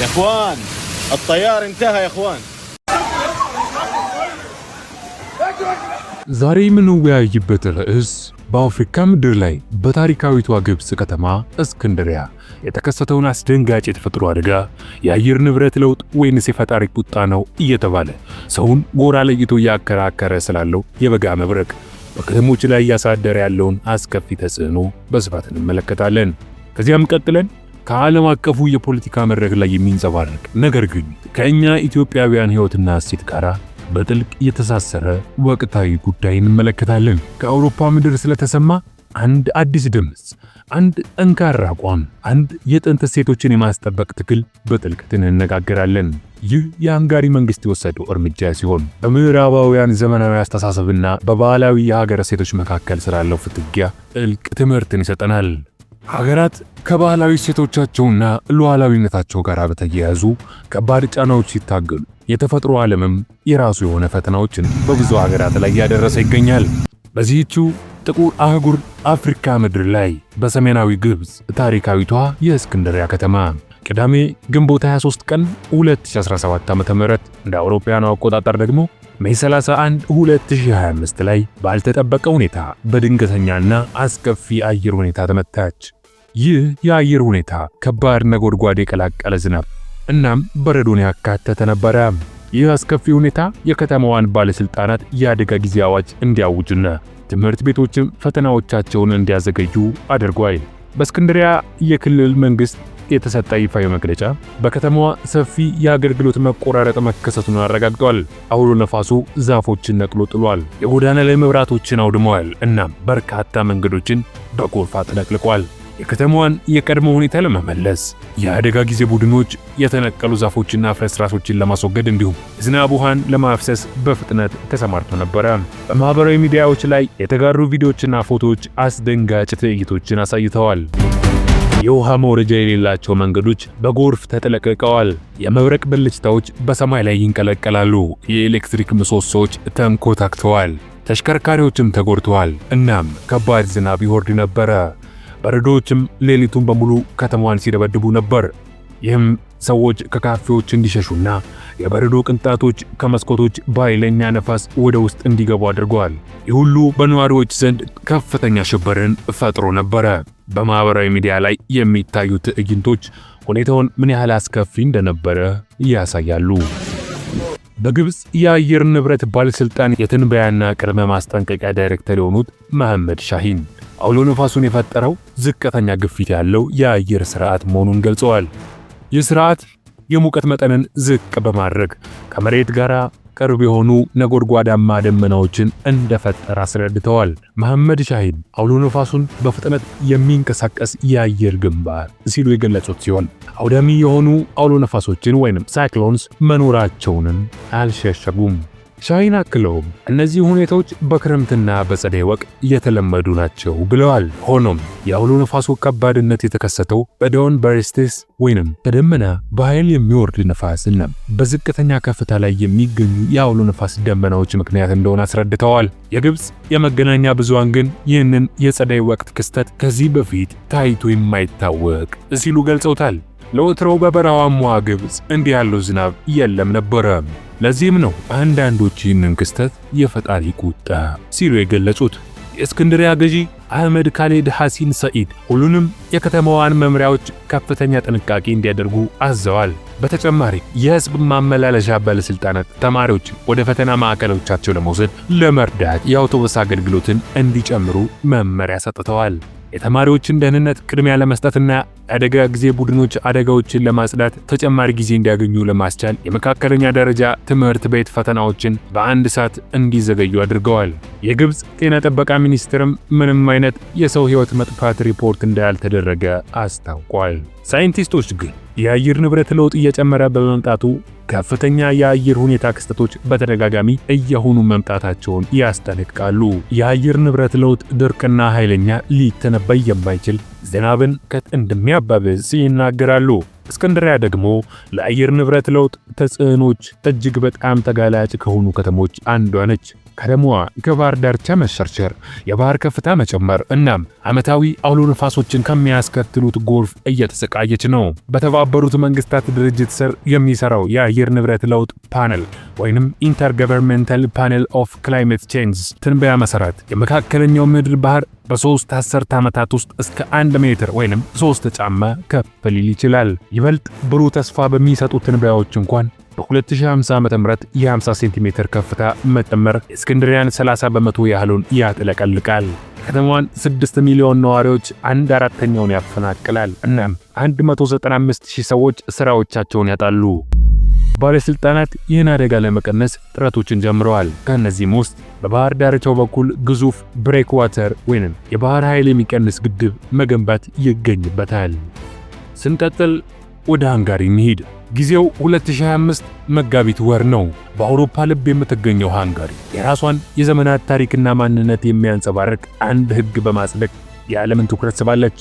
يا اخوان الطيار انتهى يا اخوان ዛሬ የምንወያይበት ርዕስ በአፍሪካ ምድር ላይ በታሪካዊቷ ግብፅ ከተማ እስክንድሪያ የተከሰተውን አስደንጋጭ የተፈጥሮ አደጋ የአየር ንብረት ለውጥ ወይንስ የፈጣሪ ቁጣ ነው እየተባለ ሰውን ጎራ ለይቶ እያከራከረ ስላለው የበጋ መብረቅ በከተሞች ላይ እያሳደረ ያለውን አስከፊ ተጽዕኖ በስፋት እንመለከታለን። ከዚያም ቀጥለን ከዓለም አቀፉ የፖለቲካ መድረክ ላይ የሚንጸባረቅ ነገር ግን ከእኛ ኢትዮጵያውያን ሕይወትና እሴት ጋር በጥልቅ የተሳሰረ ወቅታዊ ጉዳይ እንመለከታለን። ከአውሮፓ ምድር ስለተሰማ አንድ አዲስ ድምፅ፣ አንድ ጠንካራ አቋም፣ አንድ የጥንት እሴቶችን የማስጠበቅ ትግል በጥልቀት እንነጋገራለን። ይህ የሃንጋሪ መንግስት የወሰደው እርምጃ ሲሆን በምዕራባውያን ዘመናዊ አስተሳሰብና በባህላዊ የሀገር እሴቶች መካከል ስላለው ፍትጊያ ጥልቅ ትምህርትን ይሰጠናል። ሀገራት ከባህላዊ እሴቶቻቸውና ሉዓላዊነታቸው ጋር በተያያዙ ከባድ ጫናዎች ሲታገሉ የተፈጥሮ ዓለምም የራሱ የሆነ ፈተናዎችን በብዙ ሀገራት ላይ እያደረሰ ይገኛል። በዚህችው ጥቁር አህጉር አፍሪካ ምድር ላይ በሰሜናዊ ግብፅ ታሪካዊቷ የእስክንድሪያ ከተማ ቅዳሜ ግንቦት 23 ቀን 2017 ዓ.ም እንደ አውሮፓውያኑ አቆጣጠር ደግሞ ሜይ 31 2025 ላይ ባልተጠበቀ ሁኔታ በድንገተኛና አስከፊ አየር ሁኔታ ተመታች። ይህ የአየር ሁኔታ ከባድ ነጎድጓድ የቀላቀለ ዝናብ እናም በረዶን ያካተተ ነበረ። ይህ አስከፊ ሁኔታ የከተማዋን ባለሥልጣናት የአደጋ ጊዜ አዋጅ እንዲያውጁና ትምህርት ቤቶችም ፈተናዎቻቸውን እንዲያዘገዩ አድርጓል። በእስክንድሪያ የክልል መንግሥት የተሰጠ ይፋዊ መግለጫ በከተማዋ ሰፊ የአገልግሎት መቆራረጥ መከሰቱን አረጋግጧል። አውሎ ነፋሱ ዛፎችን ነቅሎ ጥሏል፣ የጎዳና ላይ መብራቶችን አውድመዋል፣ እናም በርካታ መንገዶችን በጎርፍ አጥለቅልቋል። የከተማዋን የቀድሞ ሁኔታ ለመመለስ የአደጋ ጊዜ ቡድኖች የተነቀሉ ዛፎችና ፍርስራሾችን ለማስወገድ እንዲሁም ዝናብ ውሃን ለማፍሰስ በፍጥነት ተሰማርቶ ነበረ። በማህበራዊ ሚዲያዎች ላይ የተጋሩ ቪዲዮዎችና ፎቶዎች አስደንጋጭ ትዕይቶችን አሳይተዋል። የውሃ መውረጃ የሌላቸው መንገዶች በጎርፍ ተጥለቅልቀዋል። የመብረቅ ብልጭታዎች በሰማይ ላይ ይንቀለቀላሉ። የኤሌክትሪክ ምሰሶዎች ተንኮታክተዋል። ተሽከርካሪዎችም ተጎድተዋል። እናም ከባድ ዝናብ ይወርድ ነበረ። በረዶዎችም ሌሊቱን በሙሉ ከተማዋን ሲደበድቡ ነበር። ይህም ሰዎች ከካፌዎች እንዲሸሹና የበረዶ ቅንጣቶች ከመስኮቶች በኃይለኛ ነፋስ ወደ ውስጥ እንዲገቡ አድርገዋል። ይህ ሁሉ በነዋሪዎች ዘንድ ከፍተኛ ሽብርን ፈጥሮ ነበረ። በማኅበራዊ ሚዲያ ላይ የሚታዩ ትዕይንቶች ሁኔታውን ምን ያህል አስከፊ እንደነበረ ያሳያሉ። በግብፅ የአየር ንብረት ባለሥልጣን የትንበያና ቅድመ ማስጠንቀቂያ ዳይሬክተር የሆኑት መሐመድ ሻሂን አውሎ ነፋሱን የፈጠረው ዝቅተኛ ግፊት ያለው የአየር ስርዓት መሆኑን ገልጸዋል። ይህ ስርዓት የሙቀት መጠንን ዝቅ በማድረግ ከመሬት ጋር ቅርብ የሆኑ ነጎድጓዳማ ደመናዎችን እንደፈጠረ አስረድተዋል። መሐመድ ሻሂድ አውሎ ነፋሱን በፍጥነት የሚንቀሳቀስ የአየር ግንባር ሲሉ የገለጹት ሲሆን አውዳሚ የሆኑ አውሎ ነፋሶችን ወይንም ሳይክሎንስ መኖራቸውንም አልሸሸጉም። ሻይን አክለውም እነዚህ ሁኔታዎች በክረምትና በጸደይ ወቅት እየተለመዱ ናቸው ብለዋል። ሆኖም የአውሎ ነፋሱ ከባድነት የተከሰተው በዳውን በሬስቴስ ወይንም በደመና በኃይል የሚወርድ ነፋስ እና በዝቅተኛ ከፍታ ላይ የሚገኙ የአውሎ ነፋስ ደመናዎች ምክንያት እንደሆነ አስረድተዋል። የግብፅ የመገናኛ ብዙሃን ግን ይህንን የጸደይ ወቅት ክስተት ከዚህ በፊት ታይቶ የማይታወቅ ሲሉ ገልጸውታል። ለወትሮው በበረሃማዋ ግብፅ እንዲህ ያለው ዝናብ የለም ነበረ። ለዚህም ነው አንዳንዶች ይህንን ክስተት የፈጣሪ ቁጣ ሲሉ የገለጹት። የእስክንድሪያ ገዢ አህመድ ካሌድ ሐሲን ሰኢድ ሁሉንም የከተማዋን መምሪያዎች ከፍተኛ ጥንቃቄ እንዲያደርጉ አዘዋል። በተጨማሪ የህዝብ ማመላለሻ ባለሥልጣናት ተማሪዎችን ወደ ፈተና ማዕከሎቻቸው ለመውሰድ ለመርዳት የአውቶቡስ አገልግሎትን እንዲጨምሩ መመሪያ ሰጥተዋል። የተማሪዎችን ደህንነት ቅድሚያ ለመስጠትና አደጋ ጊዜ ቡድኖች አደጋዎችን ለማጽዳት ተጨማሪ ጊዜ እንዲያገኙ ለማስቻል የመካከለኛ ደረጃ ትምህርት ቤት ፈተናዎችን በአንድ ሰዓት እንዲዘገዩ አድርገዋል። የግብፅ ጤና ጥበቃ ሚኒስትርም ምንም አይነት የሰው ሕይወት መጥፋት ሪፖርት እንዳልተደረገ አስታውቋል። ሳይንቲስቶች ግን የአየር ንብረት ለውጥ እየጨመረ በመምጣቱ ከፍተኛ የአየር ሁኔታ ክስተቶች በተደጋጋሚ እየሆኑ መምጣታቸውን ያስጠነቅቃሉ። የአየር ንብረት ለውጥ ድርቅና ኃይለኛ ሊተነበይ የማይችል ዝናብን ከት እንደሚያባብስ ይናገራሉ። እስክንድሪያ ደግሞ ለአየር ንብረት ለውጥ ተጽዕኖች እጅግ በጣም ተጋላጭ ከሆኑ ከተሞች አንዷ ነች። ከደሞዋ ከባህር ዳርቻ መሸርሸር፣ የባህር ከፍታ መጨመር እናም ዓመታዊ አውሎ ነፋሶችን ከሚያስከትሉት ጎርፍ እየተሰቃየች ነው። በተባበሩት መንግስታት ድርጅት ስር የሚሰራው የአየር ንብረት ለውጥ ፓነል ወይንም ኢንተርገቨርንመንታል ፓነል ኦፍ ክላይሜት ቼንጅ ትንበያ መሰረት የመካከለኛው ምድር ባህር በሶስት አስርት ዓመታት ውስጥ እስከ አንድ ሜትር ወይንም ሶስት ጫማ ከፍ ሊል ይችላል። ይበልጥ ብሩህ ተስፋ በሚሰጡ ትንበያዎች እንኳን በ2050 ዓ ም የ50 ሴንቲሜትር ከፍታ መጨመር እስክንድሪያን 30 በመቶ ያህሉን ያጥለቀልቃል። ከተማዋን 6 ሚሊዮን ነዋሪዎች አንድ አራተኛውን ያፈናቅላል። እናም 195 ሺህ ሰዎች ሥራዎቻቸውን ያጣሉ። ባለሥልጣናት ይህን አደጋ ለመቀነስ ጥረቶችን ጀምረዋል። ከእነዚህም ውስጥ በባህር ዳርቻው በኩል ግዙፍ ብሬክ ዋተር ወይም የባህር ኃይል የሚቀንስ ግድብ መገንባት ይገኝበታል። ስንቀጥል ወደ ሃንጋሪ እንሂድ። ጊዜው 2025 መጋቢት ወር ነው። በአውሮፓ ልብ የምትገኘው ሃንጋሪ የራሷን የዘመናት ታሪክና ማንነት የሚያንጸባርቅ አንድ ሕግ በማጽደቅ የዓለምን ትኩረት ስባለች።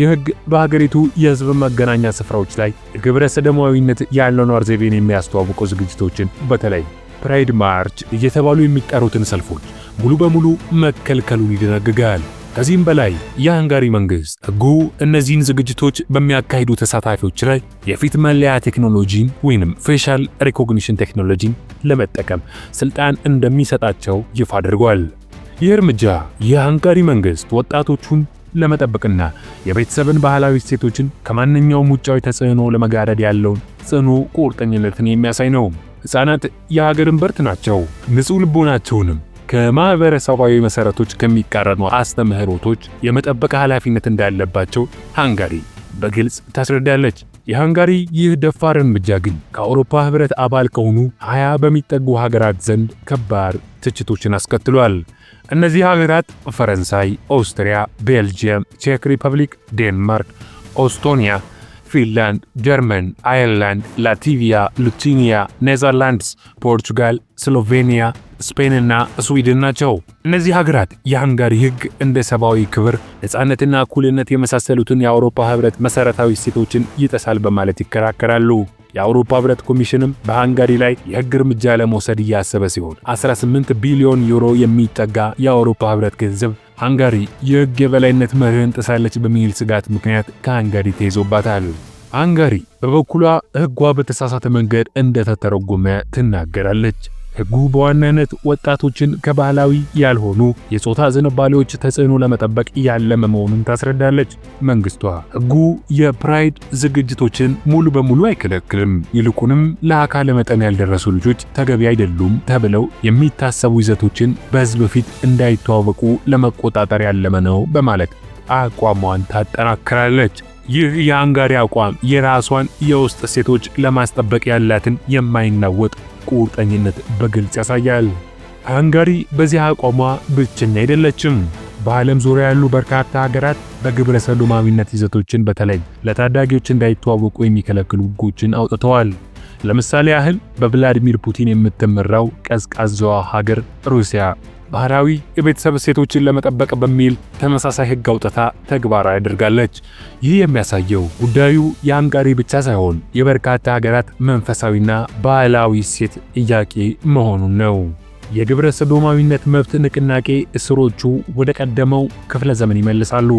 ይህ ሕግ በሀገሪቱ የሕዝብ መገናኛ ስፍራዎች ላይ ግብረ ሰደማዊነት የአኗኗር ዘይቤን የሚያስተዋውቁ ዝግጅቶችን በተለይ ፕራይድ ማርች እየተባሉ የሚጠሩትን ሰልፎች ሙሉ በሙሉ መከልከሉን ይደነግጋል። ከዚህም በላይ የሃንጋሪ መንግስት ህጉ እነዚህን ዝግጅቶች በሚያካሂዱ ተሳታፊዎች ላይ የፊት መለያ ቴክኖሎጂን ወይንም ፌሻል ሪኮግኒሽን ቴክኖሎጂን ለመጠቀም ስልጣን እንደሚሰጣቸው ይፋ አድርጓል። ይህ እርምጃ የሃንጋሪ መንግስት ወጣቶቹን ለመጠበቅና የቤተሰብን ባህላዊ እሴቶችን ከማንኛውም ውጫዊ ተጽዕኖ ለመጋደድ ያለውን ጽኑ ቁርጠኝነትን የሚያሳይ ነው። ሕፃናት የሀገርን በርት ናቸው። ንጹሕ ልቦናቸውንም ከማህበረሰባዊ መሰረቶች ከሚቃረኑ አስተምህሮቶች የመጠበቅ ኃላፊነት እንዳለባቸው ሃንጋሪ በግልጽ ታስረዳለች። የሃንጋሪ ይህ ደፋር እርምጃ ግን ከአውሮፓ ህብረት አባል ከሆኑ 20 በሚጠጉ ሀገራት ዘንድ ከባድ ትችቶችን አስከትሏል። እነዚህ ሀገራት ፈረንሳይ፣ ኦስትሪያ፣ ቤልጅየም፣ ቼክ ሪፐብሊክ፣ ዴንማርክ፣ ኦስቶኒያ ፊንላንድ፣ ጀርመን፣ አየርላንድ፣ ላቲቪያ፣ ሉቲኒያ፣ ኔዘርላንድስ፣ ፖርቹጋል፣ ስሎቬኒያ፣ ስፔንና ስዊድን ናቸው። እነዚህ ሀገራት የሃንጋሪ ሕግ እንደ ሰብአዊ ክብር፣ ነፃነትና እኩልነት የመሳሰሉትን የአውሮፓ ህብረት መሠረታዊ እሴቶችን ይጠሳል በማለት ይከራከራሉ። የአውሮፓ ህብረት ኮሚሽንም በሃንጋሪ ላይ የህግ እርምጃ ለመውሰድ እያሰበ ሲሆን 18 ቢሊዮን ዩሮ የሚጠጋ የአውሮፓ ህብረት ገንዘብ ሃንጋሪ የህግ የበላይነት መርህን ጥሳለች በሚል ስጋት ምክንያት ከሃንጋሪ ተይዞባታል። ሃንጋሪ በበኩሏ ህጓ በተሳሳተ መንገድ እንደተተረጎመ ትናገራለች። ሕጉ በዋናነት ወጣቶችን ከባህላዊ ያልሆኑ የጾታ ዝንባሌዎች ተጽዕኖ ለመጠበቅ ያለመ መሆኑን ታስረዳለች። መንግስቷ ሕጉ የፕራይድ ዝግጅቶችን ሙሉ በሙሉ አይከለክልም፣ ይልቁንም ለአካለ መጠን ያልደረሱ ልጆች ተገቢ አይደሉም ተብለው የሚታሰቡ ይዘቶችን በሕዝብ ፊት እንዳይተዋወቁ ለመቆጣጠር ያለመ ነው በማለት አቋሟን ታጠናክራለች። ይህ የአንጋሪ አቋም የራሷን የውስጥ እሴቶች ለማስጠበቅ ያላትን የማይናወጥ ቁርጠኝነት በግልጽ ያሳያል። ሃንጋሪ በዚህ አቋሟ ብቸኛ አይደለችም። በዓለም ዙሪያ ያሉ በርካታ ሀገራት በግብረ ሰዶማዊነት ይዘቶችን በተለይ ለታዳጊዎች እንዳይተዋወቁ የሚከለክሉ ሕጎችን አውጥተዋል። ለምሳሌ ያህል በቭላዲሚር ፑቲን የምትመራው ቀዝቃዛዋ ሀገር ሩሲያ ባህላዊ የቤተሰብ እሴቶችን ለመጠበቅ በሚል ተመሳሳይ ሕግ አውጥታ ተግባራዊ አድርጋለች። ይህ የሚያሳየው ጉዳዩ የአንጋሪ ብቻ ሳይሆን የበርካታ ሀገራት መንፈሳዊና ባህላዊ እሴት ጥያቄ መሆኑን ነው። የግብረ ሰዶማዊነት መብት ንቅናቄ እስሮቹ ወደ ቀደመው ክፍለ ዘመን ይመልሳሉ።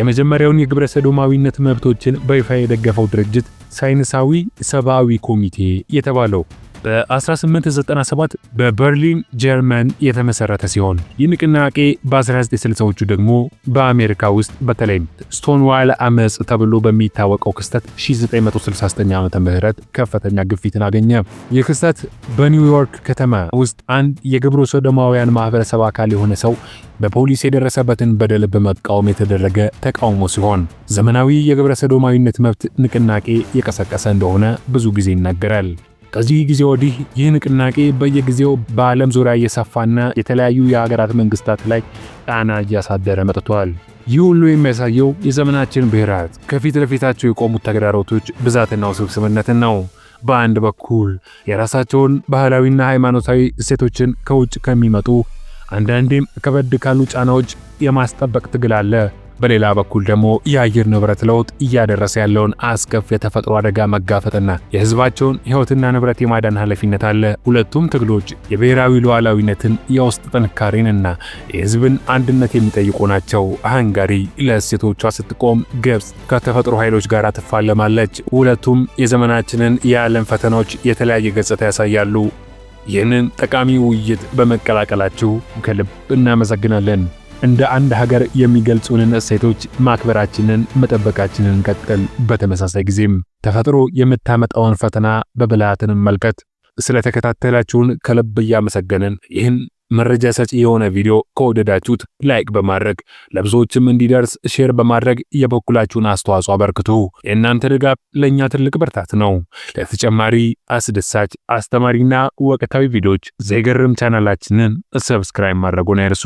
የመጀመሪያውን የግብረ ሰዶማዊነት መብቶችን በይፋ የደገፈው ድርጅት ሳይንሳዊ ሰብአዊ ኮሚቴ የተባለው በ1897 በበርሊን ጀርመን የተመሰረተ ሲሆን ይህ ንቅናቄ በ1960ዎቹ ደግሞ በአሜሪካ ውስጥ በተለይም ስቶንዋይል አመፅ ተብሎ በሚታወቀው ክስተት 1969 ዓ ም ከፍተኛ ግፊትን አገኘ። ይህ ክስተት በኒውዮርክ ከተማ ውስጥ አንድ የግብረ ሶዶማውያን ማህበረሰብ አካል የሆነ ሰው በፖሊስ የደረሰበትን በደል በመቃወም የተደረገ ተቃውሞ ሲሆን ዘመናዊ የግብረ ሰዶማዊነት መብት ንቅናቄ የቀሰቀሰ እንደሆነ ብዙ ጊዜ ይናገራል። ከዚህ ጊዜ ወዲህ ይህ ንቅናቄ በየጊዜው በዓለም ዙሪያ እየሰፋና የተለያዩ የሀገራት መንግስታት ላይ ጫና እያሳደረ መጥቷል። ይህ ሁሉ የሚያሳየው የዘመናችን ብሔራት ከፊት ለፊታቸው የቆሙት ተግዳሮቶች ብዛትና ውስብስብነትን ነው። በአንድ በኩል የራሳቸውን ባህላዊና ሃይማኖታዊ እሴቶችን ከውጭ ከሚመጡ አንዳንዴም ከበድ ካሉ ጫናዎች የማስጠበቅ ትግል አለ። በሌላ በኩል ደግሞ የአየር ንብረት ለውጥ እያደረሰ ያለውን አስከፊ የተፈጥሮ አደጋ መጋፈጥና የህዝባቸውን ህይወትና ንብረት የማዳን ኃላፊነት አለ። ሁለቱም ትግሎች የብሔራዊ ሉዓላዊነትን፣ የውስጥ ጥንካሬንና የህዝብን አንድነት የሚጠይቁ ናቸው። ሃንጋሪ ለእሴቶቿ ስትቆም፣ ግብፅ ከተፈጥሮ ኃይሎች ጋር ትፋለማለች። ሁለቱም የዘመናችንን የዓለም ፈተናዎች የተለያየ ገጽታ ያሳያሉ። ይህንን ጠቃሚ ውይይት በመቀላቀላችሁ ከልብ እናመሰግናለን። እንደ አንድ ሀገር የሚገልጹንን እሴቶች ማክበራችንን መጠበቃችንን እንቀጥል። በተመሳሳይ ጊዜም ተፈጥሮ የምታመጣውን ፈተና በብልሃትን መልከት ስለተከታተላችሁን ከልብ እያመሰገንን ይህን መረጃ ሰጪ የሆነ ቪዲዮ ከወደዳችሁት ላይክ በማድረግ ለብዙዎችም እንዲደርስ ሼር በማድረግ የበኩላችሁን አስተዋጽኦ አበርክቱ። የእናንተ ድጋፍ ለእኛ ትልቅ ብርታት ነው። ለተጨማሪ አስደሳች፣ አስተማሪና ወቅታዊ ቪዲዮዎች ዘይገርም ቻናላችንን ሰብስክራይብ ማድረጉን አይርሱ።